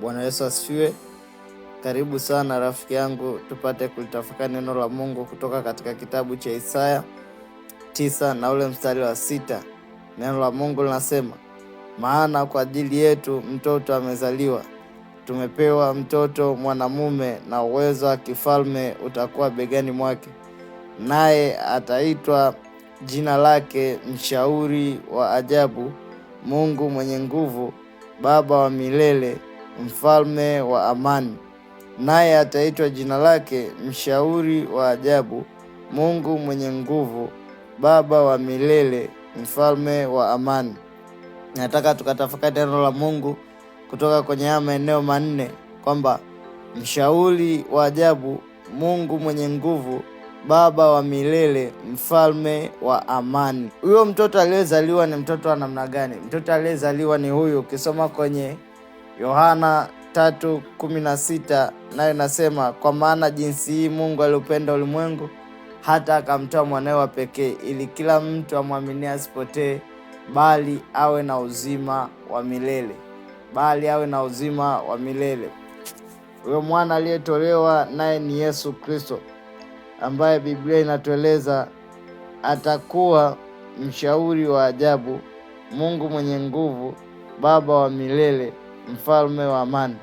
Bwana Yesu asifiwe. Karibu sana rafiki yangu, tupate kulitafuka neno la Mungu kutoka katika kitabu cha Isaya tisa na ule mstari wa sita. Neno la Mungu linasema, maana kwa ajili yetu mtoto amezaliwa, tumepewa mtoto mwanamume, na uwezo wa kifalme utakuwa begani mwake, naye ataitwa jina lake Mshauri wa Ajabu, Mungu mwenye nguvu, Baba wa milele mfalme wa amani, naye ataitwa jina lake mshauri wa ajabu, Mungu mwenye nguvu, baba wa milele, mfalme wa amani. Nataka tukatafakari neno la Mungu kutoka kwenye haya maeneo manne kwamba mshauri wa ajabu, Mungu mwenye nguvu, baba wa milele, mfalme wa amani. Huyo mtoto aliyezaliwa ni mtoto wa namna gani? Mtoto aliyezaliwa ni huyu, ukisoma kwenye Yohana 3:16 nayo inasema, kwa maana jinsi hii Mungu aliupenda ulimwengu hata akamtoa mwanawe wa pekee, ili kila mtu amwaminie asipotee, bali awe na uzima wa milele, bali awe na uzima wa milele. Huyo mwana aliyetolewa naye ni Yesu Kristo, ambaye Biblia inatueleza atakuwa mshauri wa ajabu, Mungu mwenye nguvu, Baba wa milele mfalme wa amani.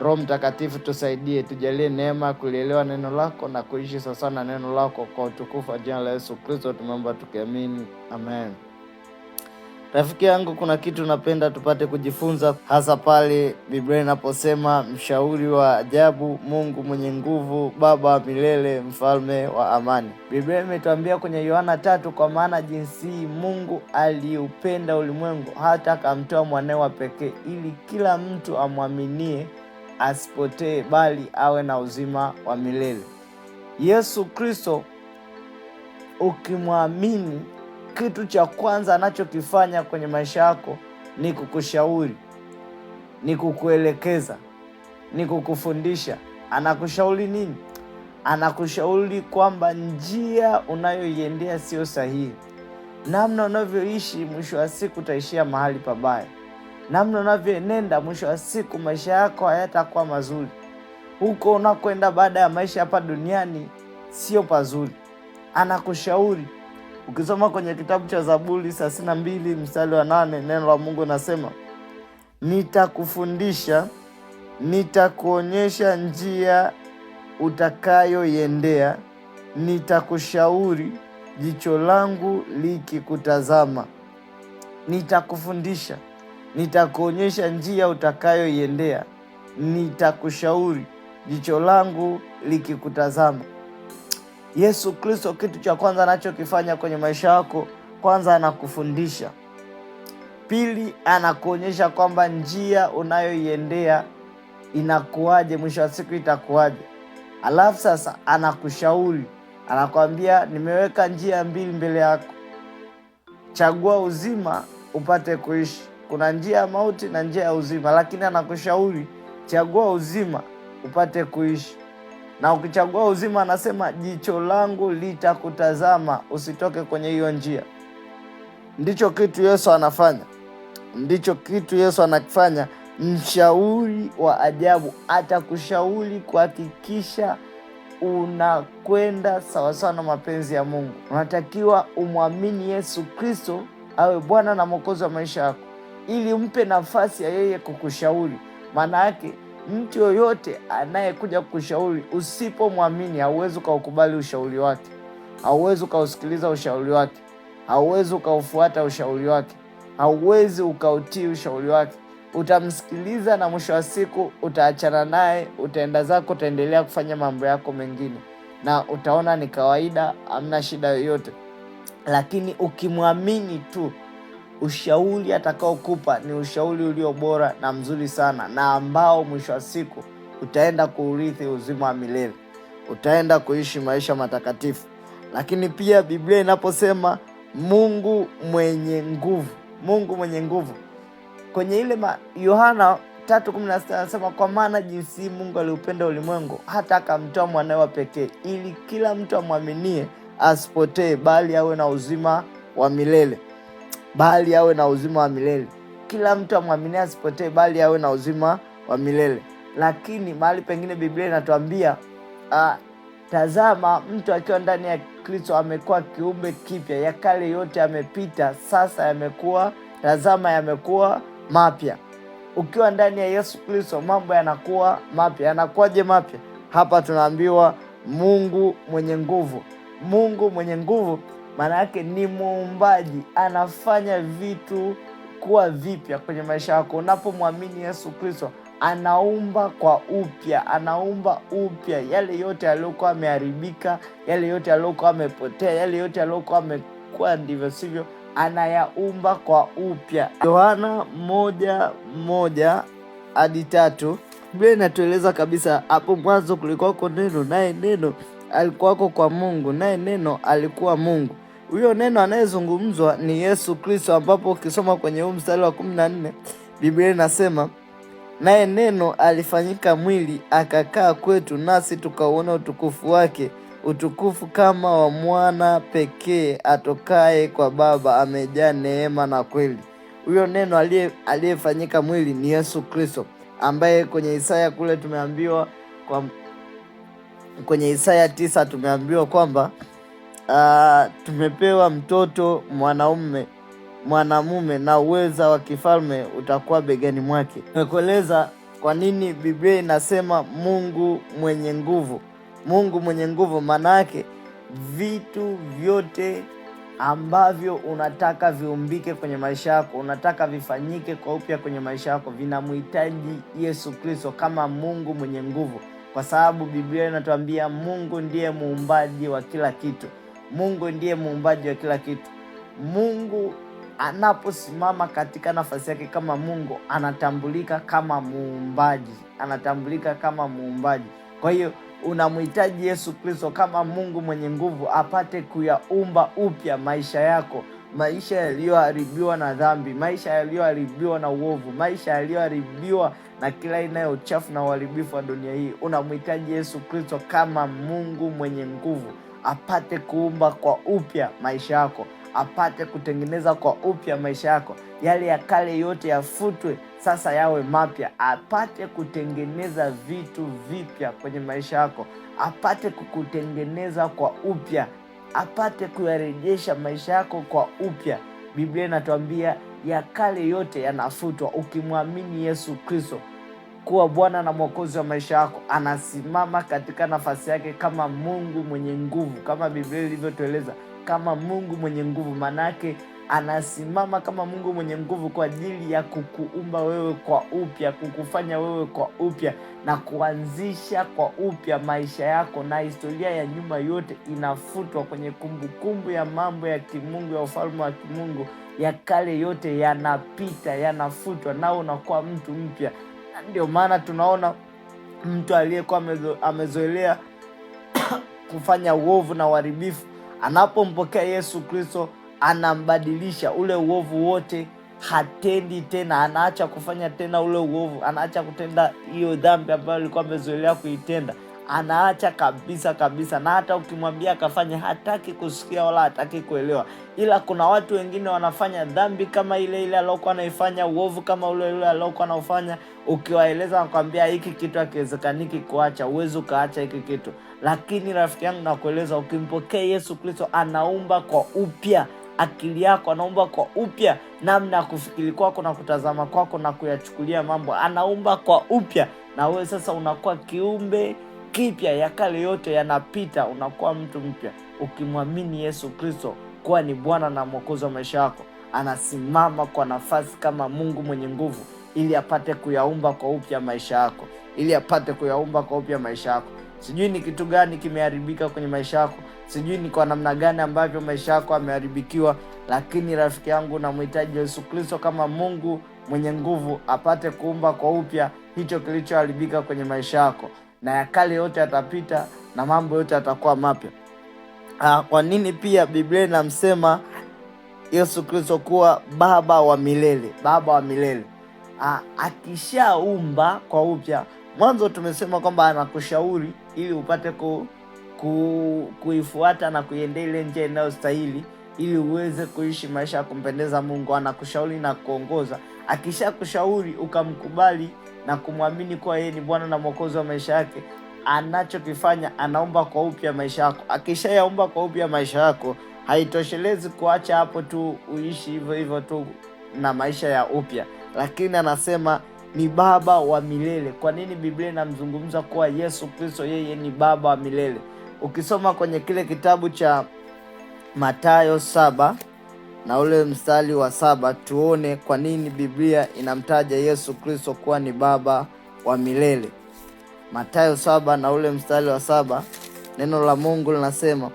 Roho Mtakatifu, tusaidie, tujalie neema kulielewa neno lako na kuishi sasa na neno lako kwa utukufu wa jina la Yesu Kristo tumeomba tukiamini, amen. Rafiki yangu, kuna kitu napenda tupate kujifunza, hasa pale Biblia inaposema mshauri wa ajabu, Mungu mwenye nguvu, Baba milele, mfalme wa amani. Biblia imetuambia kwenye Yohana tatu, kwa maana jinsi Mungu aliupenda ulimwengu hata akamtoa mwanae wa pekee, ili kila mtu amwaminie asipotee, bali awe na uzima wa milele. Yesu Kristo ukimwamini kitu cha kwanza anachokifanya kwenye maisha yako ni kukushauri, ni kukuelekeza, ni kukufundisha. Anakushauri nini? Anakushauri kwamba njia unayoiendea sio sahihi. Namna unavyoishi mwisho wa siku utaishia mahali pabaya. Namna unavyoenenda mwisho wa siku maisha yako hayatakuwa mazuri. Huko unakwenda baada ya maisha hapa duniani sio pazuri. Anakushauri. Ukisoma kwenye kitabu cha Zaburi thelathini na mbili mstari wa nane neno la Mungu nasema, nitakufundisha nitakuonyesha njia utakayoiendea, nitakushauri jicho langu likikutazama. Nitakufundisha, nitakuonyesha njia utakayoiendea, nitakushauri jicho langu likikutazama. Yesu Kristo, kitu cha kwanza anachokifanya kwenye maisha yako, kwanza anakufundisha, pili anakuonyesha kwamba njia unayoiendea inakuwaje, mwisho wa siku itakuwaje. Alafu sasa anakushauri, anakwambia, nimeweka njia mbili mbele yako, chagua uzima upate kuishi. Kuna njia ya mauti na njia ya uzima, lakini anakushauri chagua uzima upate kuishi na ukichagua uzima, anasema jicho langu litakutazama, usitoke kwenye hiyo njia. Ndicho kitu Yesu anafanya, ndicho kitu Yesu anakifanya. Mshauri wa ajabu atakushauri kuhakikisha unakwenda sawasawa na mapenzi ya Mungu. Unatakiwa umwamini Yesu Kristo awe Bwana na Mwokozi wa maisha yako, ili umpe nafasi ya yeye kukushauri. Maana yake Mtu yoyote anayekuja kushauri, usipomwamini hauwezi ukaukubali ushauri wake, hauwezi ukausikiliza ushauri wake, hauwezi ukaufuata ushauri wake, hauwezi ukautii ushauri wake. Utamsikiliza na mwisho wa siku utaachana naye, utaenda zako, utaendelea kufanya mambo yako mengine, na utaona ni kawaida, hamna shida yoyote. Lakini ukimwamini tu ushauri atakaokupa ni ushauri ulio bora na mzuri sana, na ambao mwisho wa siku utaenda kuurithi uzima wa milele, utaenda kuishi maisha matakatifu. Lakini pia Biblia inaposema Mungu mwenye nguvu, Mungu mwenye nguvu kwenye ile Yohana 3:16 anasema, kwa maana jinsi Mungu aliupenda ulimwengu hata akamtoa mwanawe wa pekee, ili kila mtu amwaminie asipotee, bali awe na uzima wa milele bali awe na uzima wa milele. Kila mtu amwaminie asipotee, bali awe na uzima wa milele. Lakini mahali pengine Biblia inatuambia uh, tazama mtu akiwa ndani ya Kristo amekuwa kiumbe kipya, ya kale yote yamepita, sasa yamekuwa, tazama yamekuwa mapya. Ukiwa ndani ya Yesu Kristo mambo yanakuwa mapya. Yanakuwaje mapya? Hapa tunaambiwa Mungu mwenye nguvu, Mungu mwenye nguvu maana yake ni muumbaji, anafanya vitu kuwa vipya kwenye maisha yako. Unapomwamini Yesu Kristo, anaumba kwa upya, anaumba upya yale yote yaliyokuwa ameharibika, yale yote yaliyokuwa amepotea, yale yote aliyokuwa amekuwa ndivyo sivyo, anayaumba kwa upya. Yohana moja moja hadi tatu Biblia inatueleza kabisa, hapo mwanzo kulikuwako neno, naye neno alikuwako kwa Mungu, naye neno alikuwa Mungu huyo neno anayezungumzwa ni Yesu Kristo, ambapo ukisoma kwenye huu mstari wa kumi na nne Biblia inasema naye neno alifanyika mwili akakaa kwetu, nasi tukauona utukufu wake, utukufu kama wa mwana pekee atokaye kwa Baba, amejaa neema na kweli. Huyo neno aliyefanyika mwili ni Yesu Kristo, ambaye kwenye Isaya kule tumeambiwa kwa... kwenye Isaya tisa tumeambiwa kwamba uh, tumepewa mtoto mwanaume mwanamume na uweza wa kifalme utakuwa begani mwake. Tumekueleza kwa nini Biblia inasema Mungu mwenye nguvu. Mungu mwenye nguvu maana yake vitu vyote ambavyo unataka viumbike kwenye maisha yako, unataka vifanyike kwa upya kwenye maisha yako, vinamhitaji Yesu Kristo kama Mungu mwenye nguvu, kwa sababu Biblia inatuambia Mungu ndiye muumbaji wa kila kitu. Mungu ndiye muumbaji wa kila kitu. Mungu anaposimama katika nafasi yake kama Mungu anatambulika kama muumbaji, anatambulika kama muumbaji. Kwa hiyo unamhitaji Yesu Kristo kama Mungu mwenye nguvu apate kuyaumba upya maisha yako, maisha yaliyoharibiwa na dhambi, maisha yaliyoharibiwa na uovu, maisha yaliyoharibiwa na kila aina ya uchafu na uharibifu wa dunia hii. Unamhitaji Yesu Kristo kama Mungu mwenye nguvu apate kuumba kwa upya maisha yako, apate kutengeneza kwa upya maisha yako, yale ya kale yote yafutwe sasa yawe mapya, apate kutengeneza vitu vipya kwenye maisha yako, apate kukutengeneza kwa upya, apate kuyarejesha maisha yako kwa upya. Biblia inatuambia ya kale yote yanafutwa ukimwamini Yesu Kristo kuwa Bwana na Mwokozi wa maisha yako, anasimama katika nafasi yake kama Mungu mwenye nguvu, kama Biblia ilivyotueleza, kama Mungu mwenye nguvu. Maana yake anasimama kama Mungu mwenye nguvu kwa ajili ya kukuumba wewe kwa upya, kukufanya wewe kwa upya na kuanzisha kwa upya maisha yako, na historia ya nyuma yote inafutwa kwenye kumbukumbu kumbu ya mambo ya kimungu ya ufalme wa kimungu. Ya kale yote yanapita, yanafutwa, nao unakuwa mtu mpya. Ndio maana tunaona mtu aliyekuwa amezoelea kufanya uovu na uharibifu anapompokea Yesu Kristo anambadilisha ule uovu wote, hatendi tena, anaacha kufanya tena ule uovu, anaacha kutenda hiyo dhambi ambayo alikuwa amezoelea kuitenda anaacha kabisa kabisa, na hata ukimwambia akafanya hataki kusikia wala hataki kuelewa. Ila kuna watu wengine wanafanya dhambi kama ile ile aliokuwa anaifanya, uovu kama ule ule aliokuwa anaofanya. Ukiwaeleza wanakwambia hiki kitu akiwezekaniki kuacha, uwezi ukaacha hiki kitu. Lakini rafiki yangu, nakueleza ukimpokea Yesu Kristo, anaumba kwa upya akili yako, anaumba kwa upya namna ya kufikiri kwako na kutazama kwako na kuyachukulia mambo, anaumba kwa upya na wewe sasa unakuwa kiumbe kipya, ya kale yote yanapita, unakuwa mtu mpya ukimwamini Yesu Kristo kuwa ni Bwana na Mwokozi wa maisha yako. Anasimama kwa nafasi kama Mungu mwenye nguvu, ili apate kuyaumba kwa upya maisha yako, ili apate kuyaumba kwa upya maisha yako. Sijui ni kitu gani kimeharibika kwenye maisha yako, sijui ni kwa namna gani ambavyo maisha yako ameharibikiwa, lakini rafiki yangu, namhitaji Yesu Kristo kama Mungu mwenye nguvu apate kuumba kwa upya hicho kilichoharibika kwenye maisha yako na ya kale yote yatapita na mambo yote yatakuwa mapya. Ah, kwa nini pia Biblia inamsema Yesu Kristo kuwa baba wa milele? Baba wa milele ah, akishaumba kwa upya. Mwanzo tumesema kwamba anakushauri ili upate ku, ku, kuifuata na kuiendea ile njia inayostahili ili uweze kuishi maisha ya kumpendeza Mungu. Anakushauri na kuongoza. Akishakushauri ukamkubali na kumwamini kuwa yeye ni Bwana na Mwokozi wa maisha yake, anachokifanya anaomba kwa upya maisha yako. akishayaomba kwa upya maisha yako, haitoshelezi kuacha hapo tu uishi hivyo hivyo tu na maisha ya upya, lakini anasema ni baba wa milele. Kwa nini Biblia inamzungumza kuwa Yesu Kristo yeye ni baba wa milele? Ukisoma kwenye kile kitabu cha Mathayo saba na ule mstari wa saba tuone kwa nini Biblia inamtaja Yesu Kristo kuwa ni baba wa milele. Mathayo saba na ule mstari wa saba neno la Mungu linasema,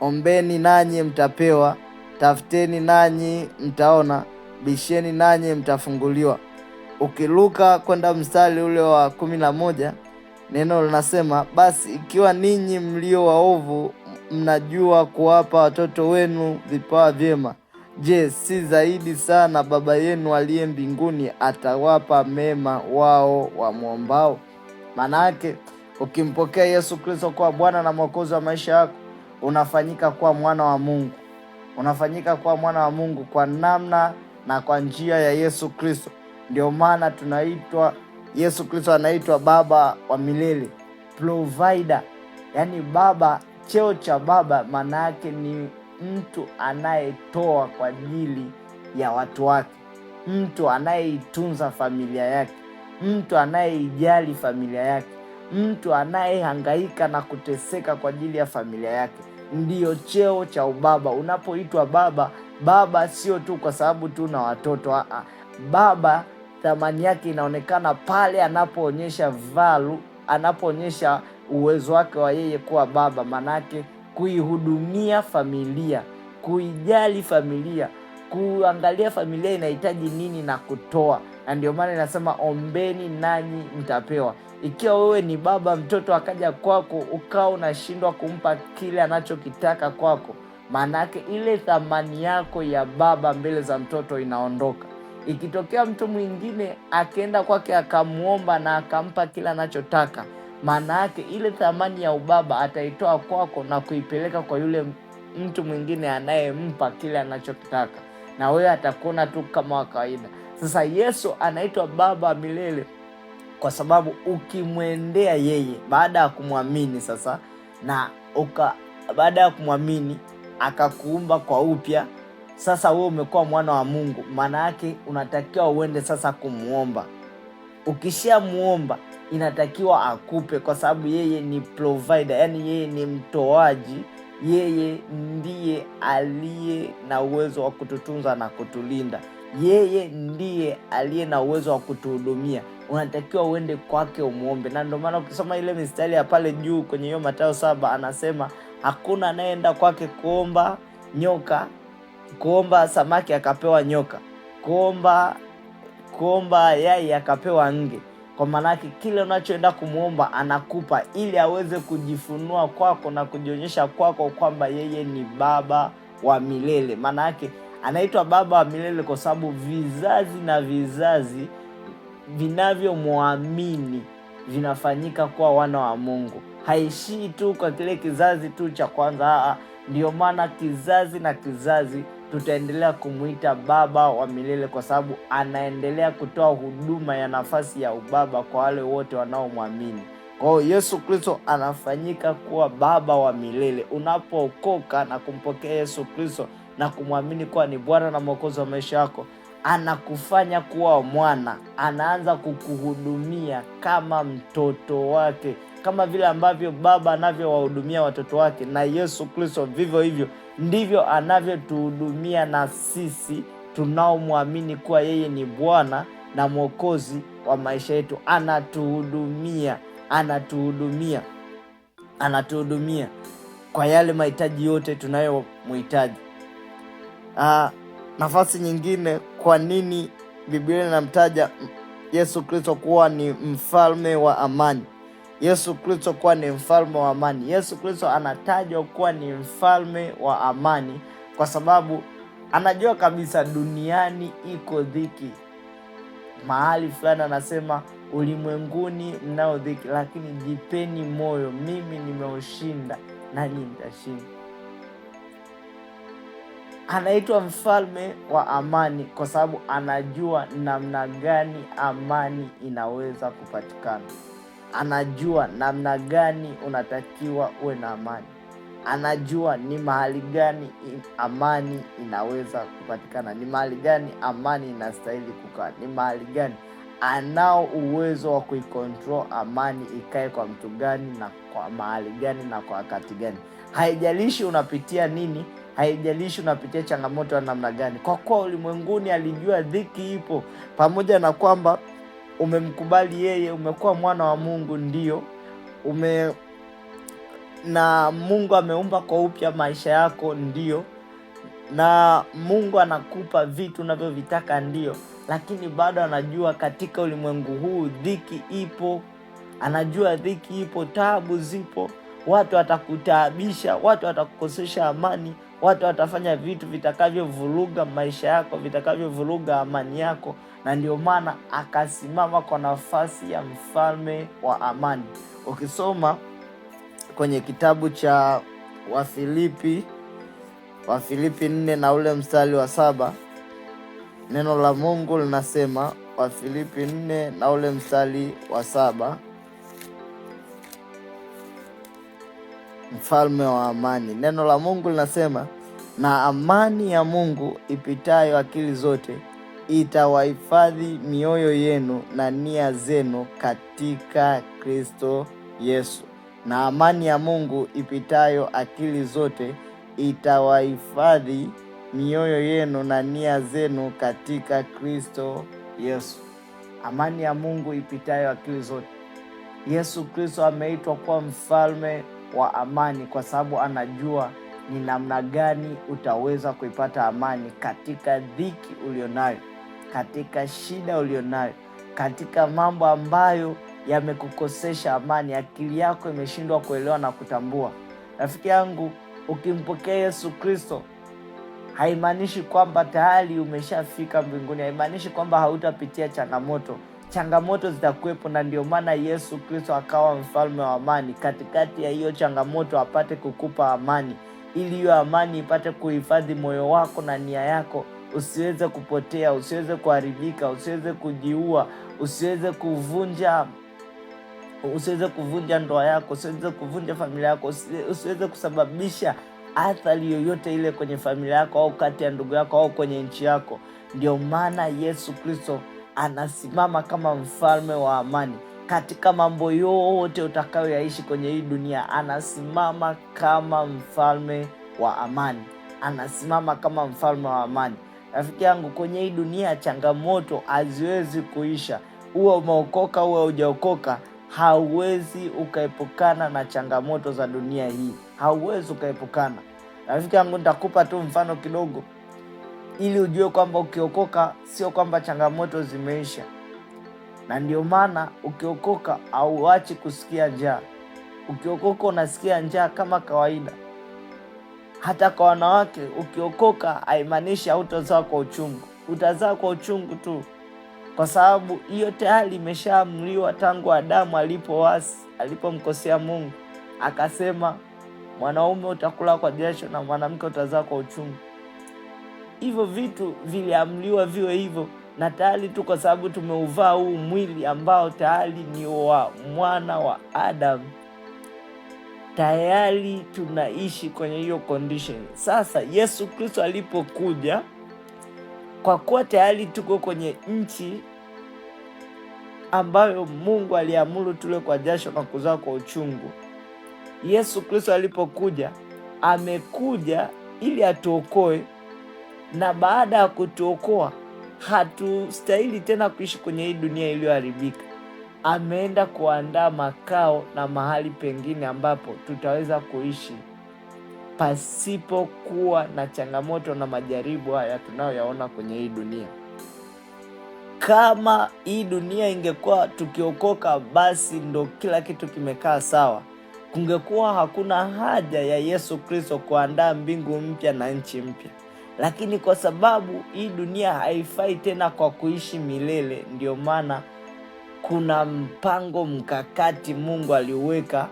ombeni nanyi mtapewa, tafuteni nanyi mtaona, bisheni nanyi mtafunguliwa. Ukiluka kwenda mstari ule wa kumi na moja neno linasema, basi ikiwa ninyi mlio waovu mnajua kuwapa watoto wenu vipawa vyema Je, si zaidi sana Baba yenu aliye mbinguni atawapa mema wao wamwombao? Manake ukimpokea Yesu Kristo kuwa Bwana na Mwokozi wa maisha yako, unafanyika kuwa mwana wa Mungu, unafanyika kuwa mwana wa Mungu kwa namna na kwa njia ya Yesu Kristo. Ndio maana tunaitwa, Yesu Kristo anaitwa Baba wa milele, provider, yaani Baba, cheo cha baba maana yake ni mtu anayetoa kwa ajili ya watu wake, mtu anayeitunza familia yake, mtu anayeijali familia yake, mtu anayehangaika na kuteseka kwa ajili ya familia yake. Ndiyo cheo cha ubaba. Unapoitwa baba, baba sio tu kwa sababu tu na watoto aa. Ah, ah. Baba thamani yake inaonekana pale anapoonyesha valu, anapoonyesha uwezo wake wa yeye kuwa baba, manake kuihudumia familia, kuijali familia, kuangalia familia inahitaji nini na kutoa. Na ndio maana inasema ombeni nanyi mtapewa. Ikiwa wewe ni baba, mtoto akaja kwako ukawa unashindwa kumpa kile anachokitaka kwako, maana ile thamani yako ya baba mbele za mtoto inaondoka. Ikitokea mtu mwingine akienda kwake akamwomba na akampa kile anachotaka maana yake ile thamani ya ubaba ataitoa kwako na kuipeleka kwa yule mtu mwingine anayempa kile anachokitaka, na wewe atakuona tu kama wa kawaida. Sasa Yesu anaitwa Baba milele kwa sababu ukimwendea yeye baada ya kumwamini sasa, na uka baada ya kumwamini akakuumba kwa upya, sasa wewe umekuwa mwana wa Mungu. Maana yake unatakiwa uende sasa kumwomba. Ukishamwomba inatakiwa akupe, kwa sababu yeye ni provider, yani yeye ni mtoaji, yeye ndiye aliye na uwezo wa kututunza na kutulinda, yeye ndiye aliye na uwezo wa kutuhudumia. Unatakiwa uende kwake umwombe, na ndio maana ukisoma ile mistari ya pale juu kwenye hiyo matayo saba anasema hakuna anayeenda kwake kuomba nyoka, kuomba samaki akapewa nyoka, kuomba kuomba yai akapewa nge. Kwa yake kile unachoenda kumwomba anakupa ili aweze kujifunua kwako na kujionyesha kwako kwamba yeye ni Baba wa milele. Maana yake anaitwa Baba wa milele kwa sababu vizazi na vizazi vinavyomwamini vinafanyika kuwa wana wa Mungu. Haishii tu kwa kile kizazi tu cha kwanza, ndio maana kizazi na kizazi tutaendelea kumwita baba wa milele kwa sababu anaendelea kutoa huduma ya nafasi ya ubaba kwa wale wote wanaomwamini. Kwa hiyo Yesu Kristo anafanyika kuwa baba wa milele. Unapookoka na kumpokea Yesu Kristo na kumwamini kuwa ni Bwana na Mwokozi wa maisha yako, anakufanya kuwa mwana, anaanza kukuhudumia kama mtoto wake, kama vile ambavyo baba anavyowahudumia watoto wake, na Yesu Kristo vivyo hivyo ndivyo anavyotuhudumia na sisi tunaomwamini kuwa yeye ni Bwana na Mwokozi wa maisha yetu. Anatuhudumia, anatuhudumia, anatuhudumia kwa yale mahitaji yote tunayomhitaji. Ah, nafasi nyingine, kwa nini Biblia inamtaja Yesu Kristo kuwa ni mfalme wa amani? Yesu Kristo kuwa ni mfalme wa amani. Yesu Kristo anatajwa kuwa ni mfalme wa amani kwa sababu anajua kabisa duniani iko dhiki. Mahali fulani anasema ulimwenguni mnao dhiki, lakini jipeni moyo, mimi nimeushinda nani nitashinda Anaitwa mfalme wa amani kwa sababu anajua namna gani amani inaweza kupatikana anajua namna gani unatakiwa uwe na amani, anajua ni mahali gani amani inaweza kupatikana, ni mahali gani amani inastahili kukaa, ni mahali gani anao uwezo wa kuikontrol amani ikae kwa mtu gani na kwa mahali gani na kwa wakati gani. Haijalishi unapitia nini, haijalishi unapitia changamoto ya namna gani, kwa kuwa ulimwenguni alijua dhiki ipo, pamoja na kwamba umemkubali yeye, umekuwa mwana wa Mungu ndio ume na Mungu ameumba kwa upya maisha yako ndio, na Mungu anakupa vitu unavyovitaka ndio, lakini bado anajua katika ulimwengu huu dhiki ipo, anajua dhiki ipo, tabu zipo watu watakutaabisha, watu watakukosesha amani, watu watafanya vitu vitakavyovuruga maisha yako, vitakavyovuruga amani yako. Na ndio maana akasimama kwa nafasi ya mfalme wa amani. Ukisoma kwenye kitabu cha Wafilipi, Wafilipi nne na ule mstari wa saba neno la Mungu linasema, Wafilipi nne na ule mstari wa saba mfalme wa amani. Neno la Mungu linasema, na amani ya Mungu ipitayo akili zote itawahifadhi mioyo yenu na nia zenu katika Kristo Yesu. Na amani ya Mungu ipitayo akili zote itawahifadhi mioyo yenu na nia zenu katika Kristo Yesu. Amani ya Mungu ipitayo akili zote. Yesu Kristo ameitwa kuwa mfalme wa amani, kwa sababu anajua ni namna gani utaweza kuipata amani katika dhiki ulionayo, katika shida ulionayo, katika mambo ambayo yamekukosesha amani, akili yako imeshindwa kuelewa na kutambua. Rafiki yangu, ukimpokea Yesu Kristo haimaanishi kwamba tayari umeshafika mbinguni, haimaanishi kwamba hautapitia changamoto changamoto zitakuwepo, na ndio maana Yesu Kristo akawa mfalme wa amani. Katikati ya hiyo changamoto apate kukupa amani, ili hiyo amani ipate kuhifadhi moyo wako na nia yako, usiweze kupotea, usiweze kuharibika, usiweze kujiua, usiweze kuvunja usiweze kuvunja ndoa yako, usiweze kuvunja familia yako, usiweze kusababisha athari yoyote ile kwenye familia yako au kati ya ndugu yako au kwenye nchi yako. Ndio maana Yesu Kristo anasimama kama mfalme wa amani katika mambo yote utakayoyaishi kwenye hii dunia. Anasimama kama mfalme wa amani, anasimama kama mfalme wa amani. Rafiki yangu, kwenye hii dunia changamoto haziwezi kuisha. huwe umeokoka uwe ujaokoka hauwezi ukaepukana na changamoto za dunia hii, hauwezi ukaepukana. Rafiki yangu, nitakupa tu mfano kidogo ili ujue kwamba ukiokoka sio kwamba changamoto zimeisha, na ndio maana ukiokoka auachi kusikia njaa. Ukiokoka unasikia njaa kama kawaida. Hata kwa wanawake, ukiokoka haimaanishi hautazaa kwa uchungu, utazaa kwa uchungu tu, kwa sababu hiyo tayari imeshaamriwa tangu Adamu alipowasi, alipomkosea Mungu akasema, mwanaume utakula kwa jasho na mwanamke utazaa kwa uchungu hivyo vitu viliamliwa viwe hivyo, na tayari tu kwa sababu tumeuvaa huu mwili ambao tayari ni wa mwana wa Adamu, tayari tunaishi kwenye hiyo condition. Sasa Yesu Kristo alipokuja, kwa kuwa tayari tuko kwenye nchi ambayo Mungu aliamuru tule kwa jasho na kuzaa kwa uchungu, Yesu Kristo alipokuja amekuja ili atuokoe na baada ya kutuokoa hatustahili tena kuishi kwenye hii dunia iliyoharibika. Ameenda kuandaa makao na mahali pengine ambapo tutaweza kuishi pasipokuwa na changamoto na majaribu haya tunayoyaona kwenye hii dunia. Kama hii dunia ingekuwa tukiokoka, basi ndo kila kitu kimekaa sawa, kungekuwa hakuna haja ya Yesu Kristo kuandaa mbingu mpya na nchi mpya lakini kwa sababu hii dunia haifai tena kwa kuishi milele, ndio maana kuna mpango mkakati Mungu aliuweka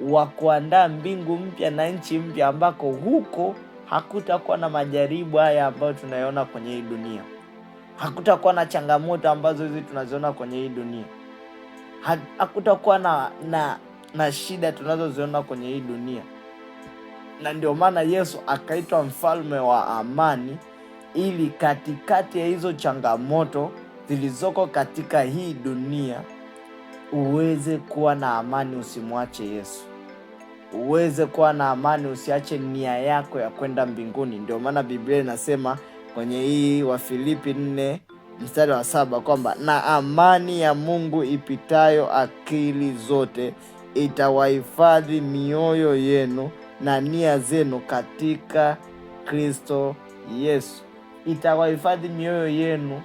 wa kuandaa mbingu mpya na nchi mpya, ambako huko hakutakuwa na majaribu haya ambayo tunayoona kwenye hii dunia, hakutakuwa na changamoto ambazo hizi tunaziona kwenye hii dunia, hakutakuwa na, na, na shida tunazoziona kwenye hii dunia na ndio maana Yesu akaitwa mfalme wa amani, ili katikati ya hizo changamoto zilizoko katika hii dunia uweze kuwa na amani, usimwache Yesu, uweze kuwa na amani, usiache nia yako ya kwenda mbinguni. Ndio maana Biblia inasema kwenye hii Wafilipi 4 mstari wa saba kwamba na amani ya Mungu ipitayo akili zote itawahifadhi mioyo yenu na nia zenu katika Kristo Yesu. Itawahifadhi mioyo yenu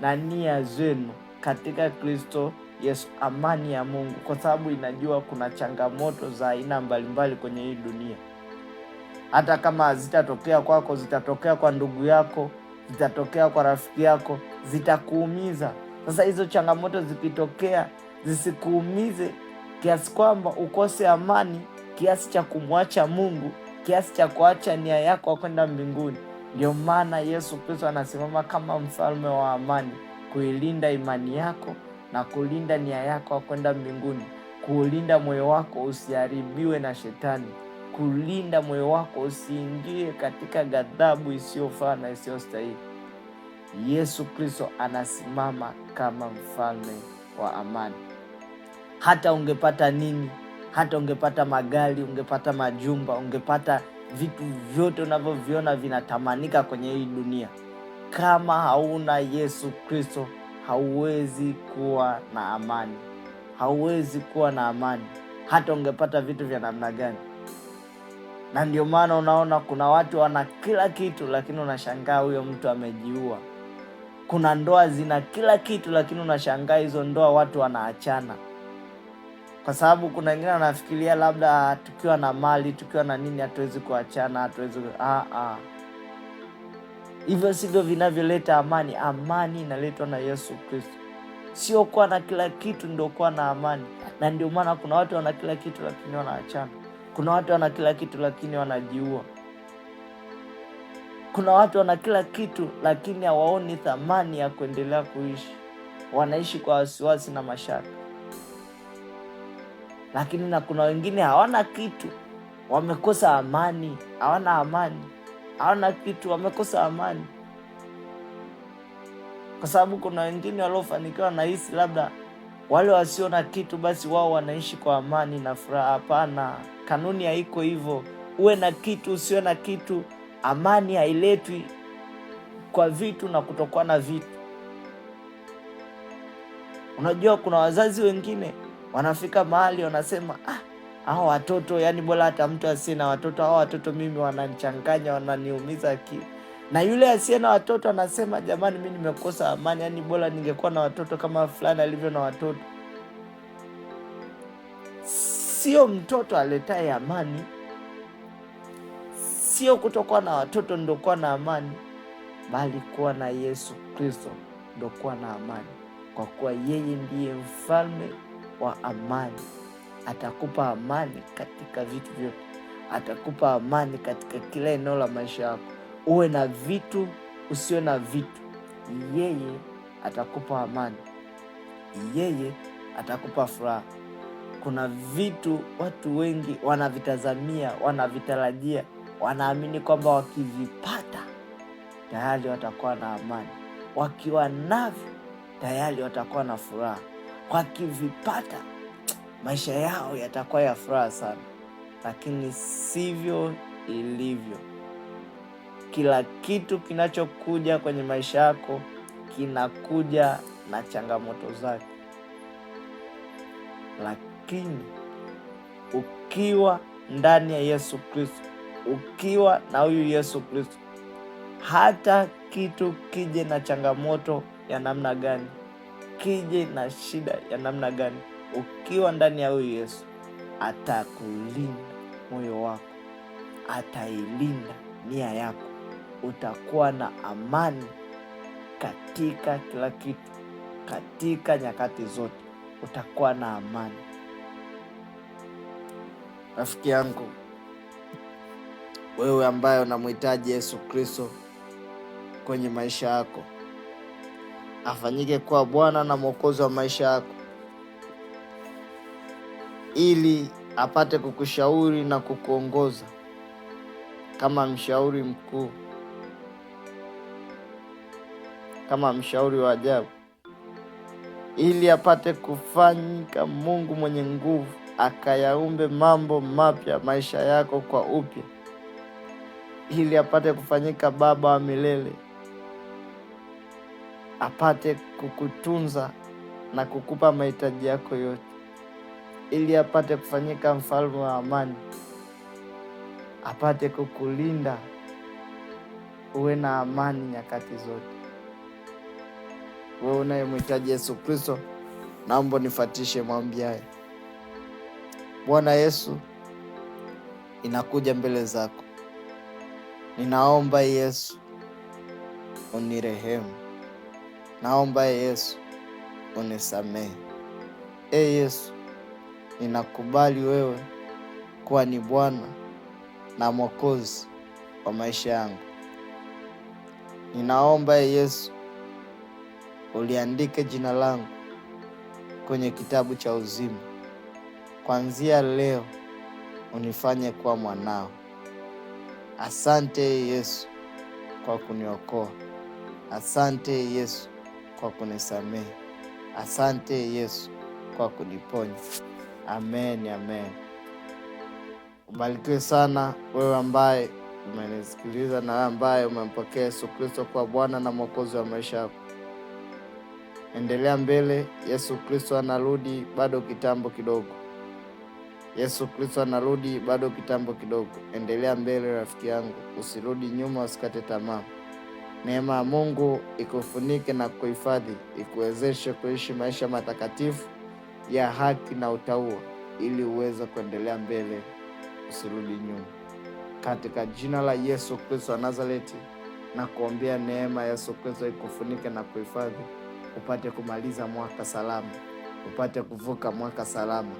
na nia zenu katika Kristo Yesu. Amani ya Mungu, kwa sababu inajua kuna changamoto za aina mbalimbali kwenye hii dunia. Hata kama zitatokea kwako, zitatokea kwa ndugu yako, zitatokea kwa rafiki yako, zitakuumiza. Sasa hizo changamoto zikitokea, zisikuumize kiasi kwamba ukose amani kiasi cha kumwacha Mungu, kiasi cha kuacha nia yako ya kwenda mbinguni. Ndio maana Yesu Kristo anasimama kama mfalme wa amani, kuilinda imani yako na kulinda nia yako ya kwenda mbinguni, kuulinda moyo wako usiharibiwe na Shetani, kulinda moyo wako usiingie katika ghadhabu isiyofaa na isiyostahili. Yesu Kristo anasimama kama mfalme wa amani. Hata ungepata nini hata ungepata magari, ungepata majumba, ungepata vitu vyote unavyoviona vinatamanika kwenye hii dunia, kama hauna Yesu Kristo hauwezi kuwa na amani, hauwezi kuwa na amani hata ungepata vitu vya namna gani. Na ndio maana unaona kuna watu wana kila kitu, lakini unashangaa huyo mtu amejiua. Kuna ndoa zina kila kitu, lakini unashangaa hizo ndoa watu wanaachana kwa sababu kuna wengine wanafikiria labda tukiwa na mali tukiwa na nini hatuwezi kuachana, hatuwezi ah, ah. Hivyo sivyo vinavyoleta amani. Amani inaletwa na Yesu Kristo, sio kuwa na kila kitu ndio kuwa na amani. Na ndio maana kuna watu wana kila kitu lakini wanaachana, kuna watu wana kila kitu lakini wanajiua, kuna watu wana kila kitu lakini hawaoni thamani ya kuendelea kuishi, wanaishi kwa wasiwasi na mashaka lakini na kuna wengine hawana kitu, wamekosa amani, hawana amani, hawana kitu, wamekosa amani, kwa sababu kuna wengine waliofanikiwa nahisi labda wale wasio na kitu basi wao wanaishi kwa amani na furaha. Hapana, kanuni haiko hivyo. Uwe na kitu, usio na kitu, amani hailetwi kwa vitu na kutokuwa na vitu. Unajua, kuna wazazi wengine wanafika mahali wanasema ah, hao watoto yani, bora hata mtu asiye na watoto, hao watoto mimi wananichanganya, wananiumiza akili. Na yule asiye na watoto anasema jamani, mi nimekosa amani, yani bora ningekuwa na watoto kama fulani alivyo na watoto. Sio mtoto aletaye amani, sio kutokuwa na watoto ndo kuwa na amani, bali kuwa na Yesu Kristo ndo kuwa na amani, kwa kuwa yeye ndiye mfalme wa amani. Atakupa amani katika vitu vyote, atakupa amani katika kila eneo la maisha yako, uwe na vitu, usiwe na vitu, yeye atakupa amani, yeye atakupa furaha. Kuna vitu watu wengi wanavitazamia, wanavitarajia, wanaamini kwamba wakivipata tayari watakuwa na amani, wakiwa navyo tayari watakuwa na furaha wakivipata maisha yao yatakuwa ya furaha sana, lakini sivyo ilivyo. Kila kitu kinachokuja kwenye maisha yako kinakuja na changamoto zake, lakini ukiwa ndani ya Yesu Kristo, ukiwa na huyu Yesu Kristo, hata kitu kije na changamoto ya namna gani ukije na shida ya namna gani, ukiwa ndani ya huyu Yesu atakulinda moyo wako, atailinda nia yako, utakuwa na amani katika kila kitu, katika nyakati zote utakuwa na amani. Rafiki yangu, wewe ambaye unamhitaji Yesu Kristo kwenye maisha yako afanyike kuwa Bwana na Mwokozi wa maisha yako, ili apate kukushauri na kukuongoza kama mshauri mkuu, kama mshauri wa ajabu, ili apate kufanyika Mungu mwenye nguvu, akayaumbe mambo mapya maisha yako kwa upya, ili apate kufanyika Baba wa milele apate kukutunza na kukupa mahitaji yako yote, ili apate kufanyika mfalme wa amani, apate kukulinda, uwe na amani nyakati zote. We unayemhitaji Yesu Kristo, naomba nifatishe, mwambiaye Bwana Yesu, inakuja mbele zako, ninaomba Yesu unirehemu. Naomba e Yesu unisamehe. E Yesu, ninakubali wewe kuwa ni Bwana na Mwokozi wa maisha yangu. Ninaomba e Yesu uliandike jina langu kwenye kitabu cha uzima. Kuanzia leo unifanye kuwa mwanao. Asante Yesu kwa kuniokoa. Asante Yesu kwa kunisamehe. Asante Yesu kwa kuniponya. Amen, amen. Ubarikiwe sana wewe ambaye umenisikiliza na wewe ambaye umempokea Yesu Kristo kwa Bwana na Mwokozi wa maisha yako. Endelea mbele, Yesu Kristo anarudi bado kitambo kidogo. Yesu Kristo anarudi bado kitambo kidogo. Endelea mbele rafiki yangu, usirudi nyuma, usikate tamaa. Neema ya Mungu ikufunike na kuhifadhi, ikuwezeshe kuishi maisha matakatifu ya haki na utaua ili uweze kuendelea mbele, usirudi nyuma. Katika jina la Yesu Kristo wa Nazareti na kuombea neema ya Yesu Kristo ikufunike na kuhifadhi, upate kumaliza mwaka salama, upate kuvuka mwaka salama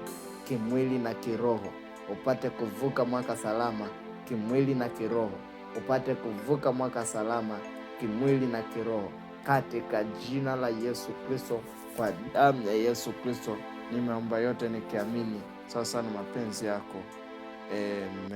kimwili na kiroho, upate kuvuka mwaka salama kimwili na kiroho, upate kuvuka mwaka salama kimwili na kiroho katika jina la Yesu Kristo, kwa damu ya Yesu Kristo nimeomba yote nikiamini. Sasa ni mapenzi yako Amen.